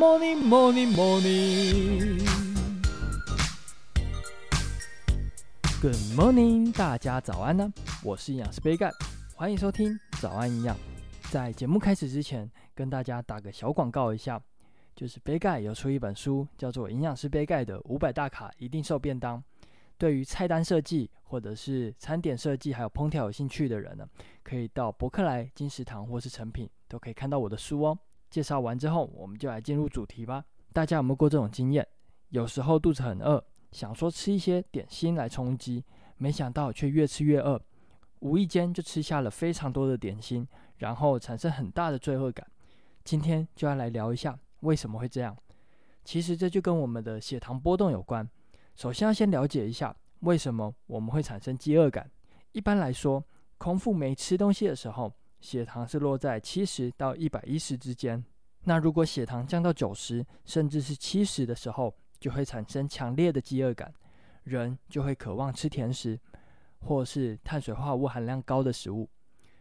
Morning, Morning, Morning. Good morning，大家早安呢、啊！我是營養師杯蓋，歡迎收聽早安營養。在節目開始之前，跟大家打個小廣告一下，就是杯蓋有出一本書，叫做《營養師杯蓋的五百大卡一定瘦便當》。對於菜單設計或者是餐點設計還有烹調有興趣的人呢，可以到博客來、金石堂或是誠品都可以看到我的書哦。介紹完之後，我們就來進入主題吧。大家有沒有過這種經驗？有時候肚子很餓，想說吃一些點心來充飢，沒想到卻越吃越餓，無意間就吃下了非常多的點心，然後產生很大的罪惡感。今天就要來聊一下為什麼會這樣。其實這就跟我們的血糖波動有關。首先要先了解一下為什麼我們會產生飢餓感。一般來說，空腹沒吃東西的時候，血糖是落在七十到一百一十之間。那如果血糖降到九十，甚至是七十的時候，就會產生強烈的飢餓感，人就會渴望吃甜食，或是碳水化合物含量高的食物。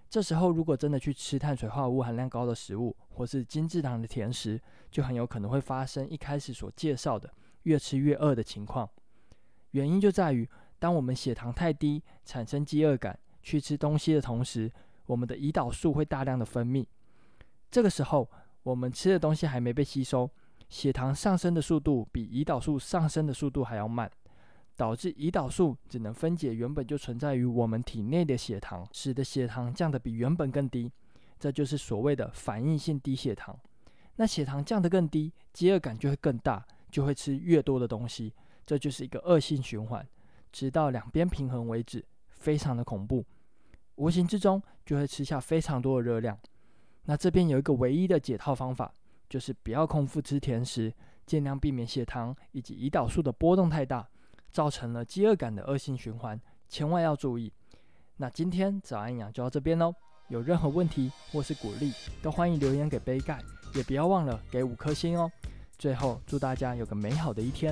這時候，如果真的去吃碳水化合物含量高的食物，或是精制糖的甜食，就很有可能會發生一開始所介紹的越吃越餓的情況。原因就在於，當我們血糖太低，產生飢餓感，去吃東西的同時。我們的胰島素會大量的分泌，這個時候我們吃的東西還沒被吸收，血糖上升的速度比胰島素上升的速度還要慢，導致胰島素只能分解原本就存在於我們體內的血糖，使得血糖降得比原本更低，這就是所謂的反應性低血糖。那血糖降得更低，飢餓感就會更大，就會吃越多的東西，這就是一個惡性循環，直到兩邊平衡為止，非常的恐怖。無形之中就會吃下非常多的熱量，那這邊有一個唯一的解套方法，就是不要空腹吃甜食，盡量避免血糖以及胰島素的波動太大，造成了飢餓感的惡性循環，千萬要注意。那今天早安營養就到這邊哦。有任何問題或是鼓勵，都歡迎留言給杯蓋，也不要忘了給五顆星哦。最後祝大家有個美好的一天。